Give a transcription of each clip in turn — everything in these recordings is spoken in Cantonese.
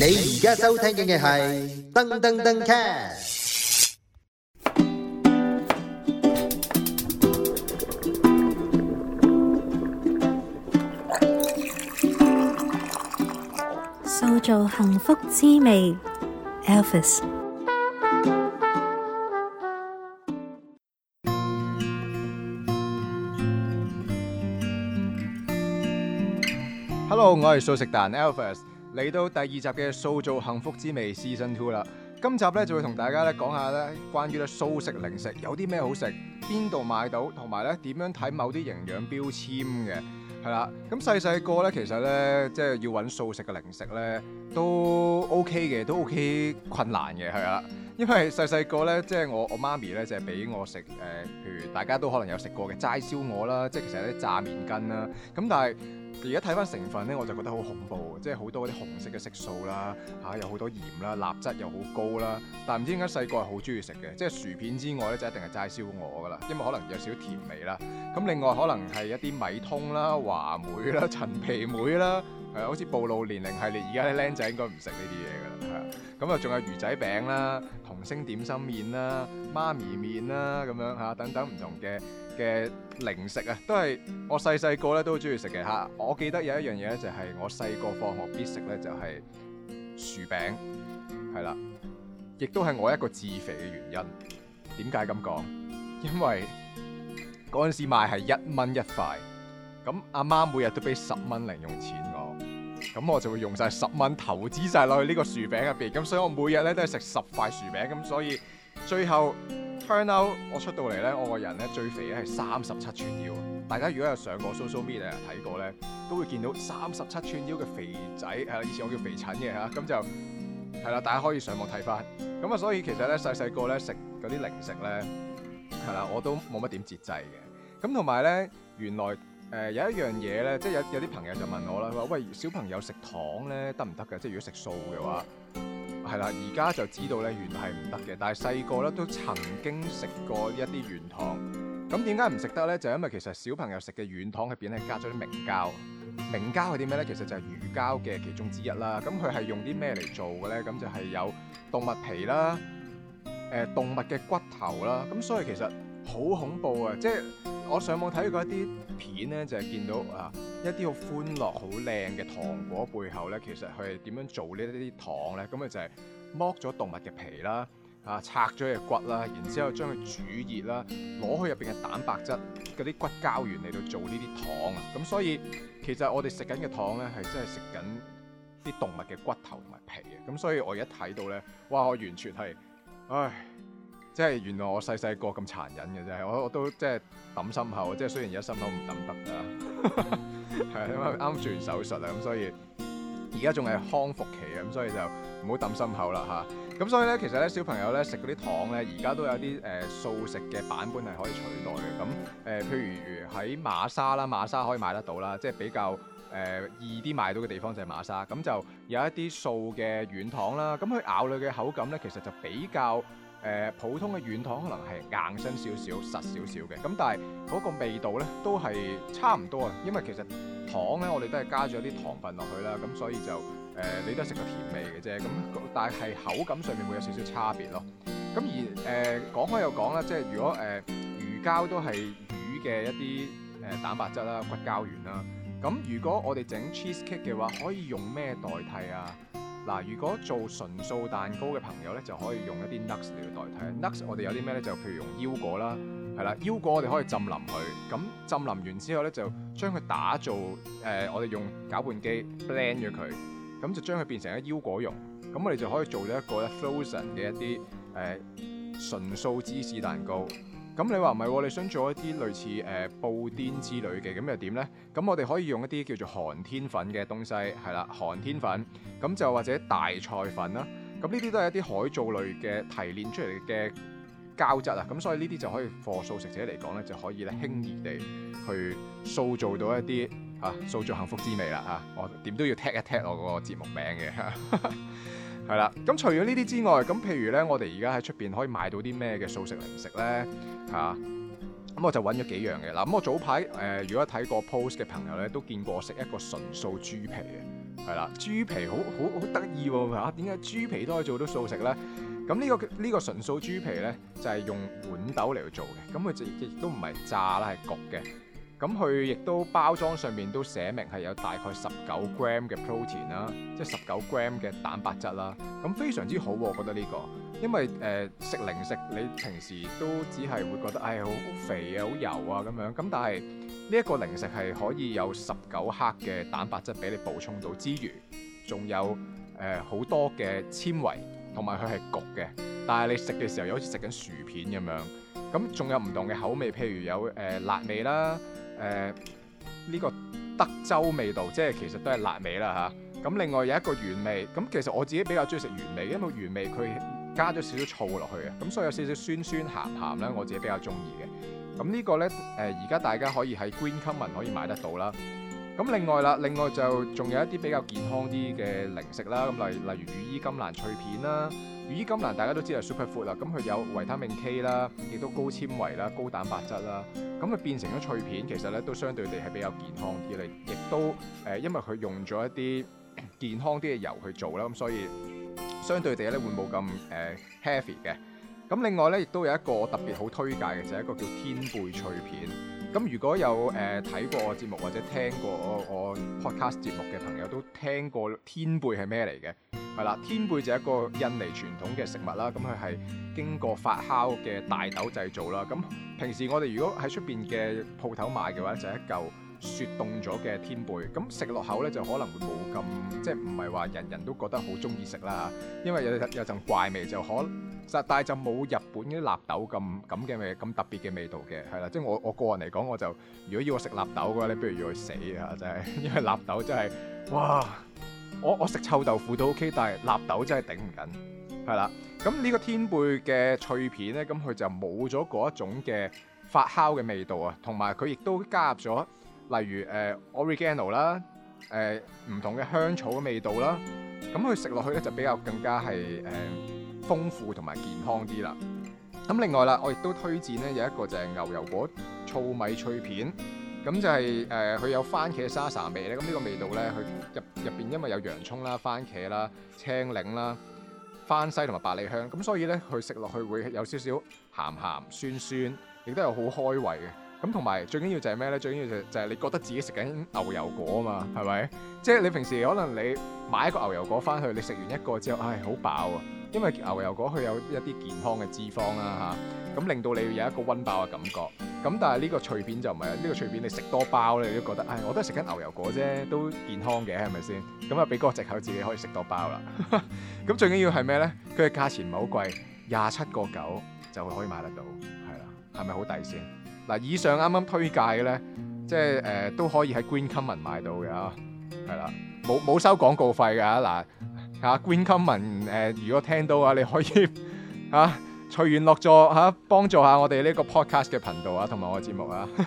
你而家收聽嘅係燈登登 cast，塑造幸福滋味，Elvis。Hello，我係素食蛋，Elvis。嚟到第二集嘅塑造幸福滋味 Season Two 啦，今集咧就會同大家咧講下咧關於咧素食零食有啲咩好食，邊度買到，同埋咧點樣睇某啲營養標籤嘅，係啦。咁細細個咧，其實咧即係要揾素食嘅零食咧都 OK 嘅，都 OK 困難嘅係啦。因為細細個咧即係我我媽咪咧就係俾我食誒、呃，譬如大家都可能有食過嘅齋燒鵝啦，即係其實有啲炸麵筋啦，咁但係。而家睇翻成分咧，我就覺得好恐怖，即係好多嗰啲紅色嘅色素啦，嚇、啊、有好多鹽啦，鈉質又好高啦。但唔知點解細個係好中意食嘅，即係薯片之外咧，就一定係齋燒鵝噶啦，因為可能有少少甜味啦。咁另外可能係一啲米通啦、話梅啦、陳皮梅啦，係好似暴露年齡系列，而家啲僆仔應該唔食呢啲嘢噶啦，係咁啊，仲有魚仔餅啦。明星點心麵啦、媽咪麵啦咁樣吓，等等唔同嘅嘅零食啊，都係我細細個咧都中意食嘅吓。我記得有一樣嘢咧，就係我細個放學必食咧，就係薯餅，係啦，亦都係我一個自肥嘅原因。點解咁講？因為嗰陣時賣係一蚊一塊，咁阿媽每日都俾十蚊零用錢。咁我就會用晒十蚊投資晒落去呢個薯餅入邊。咁所以我每日咧都係食十塊薯餅，咁所以最後 turn out 我出到嚟咧，我個人咧最肥咧係三十七寸腰。大家如果有上過 Social Media 啊睇過咧，都會見到三十七寸腰嘅肥仔，係啦，以前我叫肥疹嘅嚇，咁就係啦，大家可以上網睇翻。咁啊，所以其實咧細細個咧食嗰啲零食咧，係啦，我都冇乜點節制嘅。咁同埋咧，原來。誒、呃、有一樣嘢咧，即係有有啲朋友就問我啦，話喂，小朋友食糖咧得唔得㗎？即係如果食素嘅話，係啦，而家就知道咧，原來係唔得嘅。但係細個咧都曾經食過一啲軟糖，咁點解唔食得咧？就因為其實小朋友食嘅軟糖入邊咧加咗啲明膠，明膠係啲咩咧？其實就係魚膠嘅其中之一啦。咁佢係用啲咩嚟做嘅咧？咁就係有動物皮啦，誒、呃、動物嘅骨頭啦。咁所以其實。好恐怖啊！即係我上網睇過一啲片咧，就係見到啊一啲好歡樂、好靚嘅糖果背後咧，其實佢係點樣做呢啲糖咧？咁啊就係剝咗動物嘅皮啦，啊拆咗隻骨啦，然之後將佢煮熱啦，攞去入邊嘅蛋白質嗰啲骨膠原嚟到做呢啲糖啊！咁所以其實我哋食緊嘅糖咧係真係食緊啲動物嘅骨頭同埋皮啊。咁所以我而家睇到咧，哇！我完全係唉～即係原來我細細個咁殘忍嘅即係，我都我都即係抌心口，即係雖然而家心口唔抌得㗎，係啊啱啱做完手術啊，咁所以而家仲係康復期啊，咁所以就唔好抌心口啦嚇。咁、啊、所以咧，其實咧，小朋友咧食嗰啲糖咧，而家都有啲誒、呃、素食嘅版本係可以取代嘅。咁誒，譬、呃、如喺馬莎啦，馬莎可以買得到啦，即係比較。誒易啲買到嘅地方就係馬莎，咁就有一啲素嘅軟糖啦。咁佢咬落嘅口感咧，其實就比較誒、呃、普通嘅軟糖，可能係硬身少少、實少少嘅。咁但係嗰個味道咧都係差唔多啊，因為其實糖咧我哋都係加咗啲糖分落去啦，咁所以就誒、呃、你都係食個甜味嘅啫。咁但係口感上面會有少少差別咯。咁而誒、呃、講開又講啦，即係如果誒、呃、魚膠都係魚嘅一啲誒蛋白質啦、骨膠原啦。咁如果我哋整 cheesecake 嘅話，可以用咩代替啊？嗱，如果做純素蛋糕嘅朋友咧，就可以用一啲 nuts 嚟代替。nuts 我哋有啲咩咧？就譬如用腰果啦，係啦，腰果我哋可以浸腍佢。咁浸腍完之後咧，就將佢打造誒、呃，我哋用攪拌機 blend 咗佢，咁就將佢變成一腰果蓉。咁我哋就可以做呢一個咧 frozen 嘅一啲誒、呃、純素芝士蛋糕。咁你話唔係喎？你想做一啲類似誒、呃、布丁之類嘅咁又點呢？咁我哋可以用一啲叫做寒天粉嘅東西，係啦，寒天粉咁就或者大菜粉啦。咁呢啲都係一啲海藻類嘅提煉出嚟嘅膠質啊。咁所以呢啲就可以貨素食者嚟講呢，就可以咧輕易地去塑造到一啲嚇、啊、塑造幸福滋味啦嚇、啊。我點都要踢一踢我個節目名嘅。 係啦，咁除咗呢啲之外，咁譬如咧，我哋而家喺出邊可以買到啲咩嘅素食零食咧？嚇、啊，咁我就揾咗幾樣嘅。嗱、啊，咁我早排誒，如果睇過 post 嘅朋友咧，都見過我食一個純素豬皮嘅。係啦，豬皮好好好得意喎，嚇，點、啊、解豬皮都可以做到素食咧？咁呢、呢個呢、呢個純素豬皮咧，就係、係、用豌豆嚟去做嘅。咁佢就亦都唔係炸啦，係焗嘅。咁佢亦都包裝上面都寫明係有大概十九 gram 嘅 protein 啦，即係十九 gram 嘅蛋白質啦。咁非常之好，我覺得呢個，因為誒食、呃、零食你平時都只係會覺得誒好肥啊、好油啊咁樣。咁但係呢一個零食係可以有十九克嘅蛋白質俾你補充到，之餘仲有誒好、呃、多嘅纖維，同埋佢係焗嘅。但係你食嘅時候又好似食緊薯片咁樣。咁仲有唔同嘅口味，譬如有誒、呃、辣味啦。誒呢、呃這個德州味道，即係其實都係辣味啦嚇。咁、啊、另外有一個原味，咁其實我自己比較中意食原味，因為原味佢加咗少少醋落去啊，咁所以有少少酸酸鹹鹹咧，我自己比較中意嘅。咁、這個、呢個咧誒，而、呃、家大家可以喺 Green Common 可以買得到啦。咁、啊、另外啦，另外就仲有一啲比較健康啲嘅零食啦，咁、啊、例例如羽衣甘藍脆片啦。.羽衣甘藍大家都知道係 superfood 啦，咁佢有維他命 K 啦，亦都高纖維啦、高蛋白質啦，咁佢變成咗脆片，其實咧都相對地係比較健康啲嚟，亦都誒因為佢用咗一啲健康啲嘅油去做啦，咁所以相對地咧會冇咁誒 heavy 嘅。咁另外咧亦都有一個特別好推介嘅就係、是、一個叫天貝脆片。咁如果有誒睇、呃、過我節目或者聽過我我 podcast 節目嘅朋友，都聽過天貝係咩嚟嘅？係啦，天貝就係一個印尼傳統嘅食物啦。咁佢係經過發酵嘅大豆製造啦。咁平時我哋如果喺出邊嘅鋪頭買嘅話，就係、一嚿。雪凍咗嘅天貝咁食落口咧，就可能會冇咁即係唔係話人人都覺得好鍾意食啦。因為有有陣怪味就可實，但係就冇日本啲納豆咁咁嘅味咁特別嘅味道嘅係啦。即係我我個人嚟講，我就如果要我食納豆嘅話，你不如要去死啊！真係因為納豆真係哇，我我食臭豆腐都 OK，但係納豆真係頂唔緊係啦。咁呢個天貝嘅脆片咧，咁佢就冇咗嗰一種嘅發酵嘅味道啊，同埋佢亦都加入咗。例如誒 Oregano 啦，誒、呃、唔、呃、同嘅香草嘅味道啦，咁佢食落去咧就比較更加係誒、呃、豐富同埋健康啲啦。咁另外啦，我亦都推薦咧有一個就係牛油果糙米脆片，咁就係誒佢有番茄沙沙味咧。咁呢個味道咧，佢入入邊因為有洋葱啦、番茄啦、青檸啦、芫茜同埋百里香，咁所以咧佢食落去會有少少鹹鹹酸酸，亦都有好開胃嘅。咁同埋最緊要就係咩呢？最緊要就就係你覺得自己食緊牛油果啊嘛，係咪？即係你平時可能你買一個牛油果翻去，你食完一個之後，唉，好飽啊！因為牛油果佢有一啲健康嘅脂肪啦、啊、嚇，咁、啊、令到你有一個溫飽嘅感覺。咁但係呢個脆片就唔係啦，呢、呢個脆片你食多包你都覺得唉，我都係食緊牛油果啫，都健康嘅，係咪先？咁啊，俾個藉口自己可以食多包啦。咁 最緊要係咩呢？佢嘅價錢唔係好貴，廿七個九就可以買得到，係啦，係咪好抵先？嗱，以上啱啱推介嘅咧，即係誒、呃、都可以喺 Green Common 買到嘅啊，係啦，冇冇收廣告費嘅啊嗱，嚇、啊、Green Common 誒、呃，如果聽到啊，你可以嚇、啊、隨緣落座嚇、啊，幫助下我哋呢個 podcast 嘅頻道啊，同埋我嘅節目啊。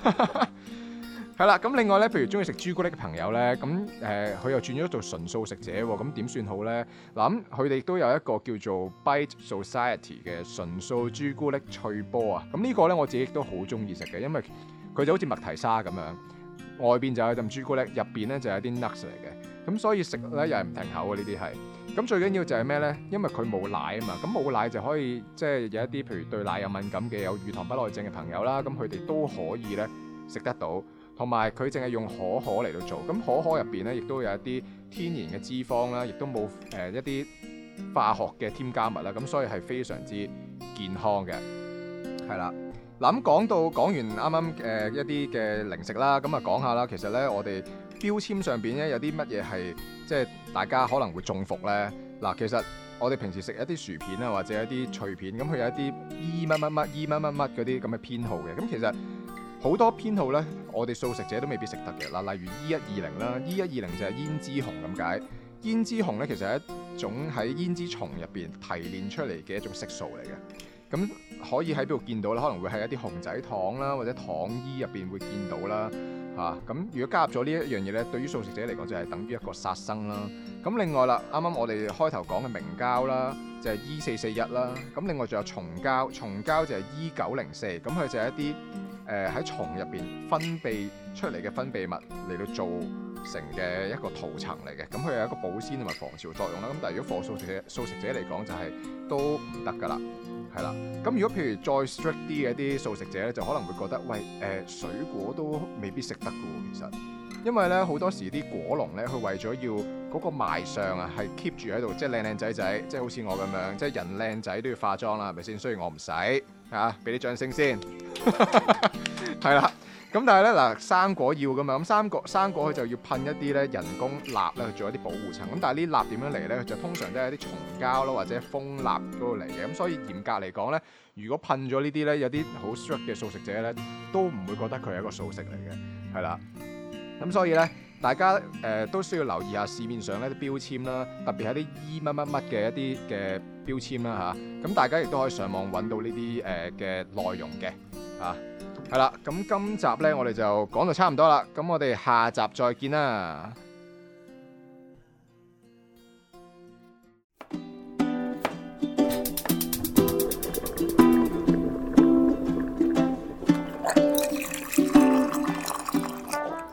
係啦，咁另外咧，譬如中意食朱古力嘅朋友咧，咁誒佢又轉咗做純素食者喎，咁點算好咧？嗱，佢哋都有一個叫做 Bite Society 嘅純素朱古力脆波啊，咁、這、呢個咧我自己都好中意食嘅，因為佢就好似麥提沙咁樣，外邊就有一浸朱古力，入邊咧就有啲 nuts 嚟嘅，咁所以食咧又係唔停口嘅呢啲係。咁最緊要就係咩咧？因為佢冇奶啊嘛，咁冇奶就可以即係有一啲譬如對奶有敏感嘅有乳糖不耐症嘅朋友啦，咁佢哋都可以咧食得到。同埋佢淨係用可可嚟到做，咁可可入邊咧，亦都有一啲天然嘅脂肪啦，亦都冇誒一啲化學嘅添加物啦，咁所以係非常之健康嘅係啦。嗱，咁講到講完啱啱誒一啲嘅零食啦，咁啊講下啦。其實咧，我哋標籤上邊咧有啲乜嘢係即係大家可能會中伏咧嗱。其實我哋平時食一啲薯片啊，或者一啲脆片，咁佢有一啲 E 乜乜乜 E 乜乜乜嗰啲咁嘅編號嘅。咁其實好多編號咧。我哋素食者都未必食得嘅嗱，例如 E 一二零啦，E 一二零就係胭脂紅咁解。胭脂紅咧其實係一種喺胭脂蟲入邊提煉出嚟嘅一種色素嚟嘅，咁可以喺邊度見到咧？可能會喺一啲紅仔糖啦，或者糖衣入邊會見到啦，嚇、啊。咁如果加入咗呢一樣嘢咧，對於素食者嚟講就係等於一個殺生啦。咁另外啦，啱啱我哋開頭講嘅明膠啦，就係、是、E 四四一啦。咁另外仲有松膠，松膠就係 E 九零四，咁佢就係一啲。誒喺蟲入邊分泌出嚟嘅分泌物嚟到做成嘅一個塗層嚟嘅，咁佢有一個保鮮同埋防潮作用啦。咁但係如果素食素食者嚟講就係都唔得噶啦，係啦。咁如果譬如再 strict 啲嘅啲素食者咧，就可能會覺得喂，誒水果都未必食得嘅喎，其實因為咧好多時啲果農咧佢為咗要嗰個賣相啊，係 keep 住喺度，即係靚靚仔仔，即係好似我咁樣，即係人靚仔都要化妝啦，係咪先？雖然我唔使吓，俾啲掌聲先。係啦，咁 但係咧嗱，生果要噶嘛？咁生果生果佢就要噴一啲咧人工蠟咧，去做一啲保護層。咁但係呢蠟點樣嚟咧？就通常都係一啲蟲膠咯，或者蜂蠟嗰度嚟嘅。咁所以嚴格嚟講咧，如果噴咗呢啲咧，有啲好 strict 嘅素食者咧，都唔會覺得佢係一個素食嚟嘅。係啦，咁所以咧，大家誒、呃、都需要留意下市面上呢啲標籤啦，特別係啲 E 乜乜乜嘅一啲嘅標籤啦吓。咁、啊、大家亦都可以上網搵到呢啲誒嘅內容嘅。啊，係啦，咁今集呢，我哋就講到差唔多啦，咁我哋下集再見啦。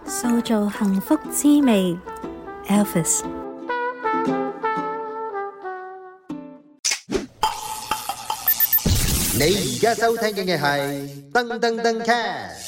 塑造幸福滋味，Elvis。你而家收聽嘅係燈登登 cast。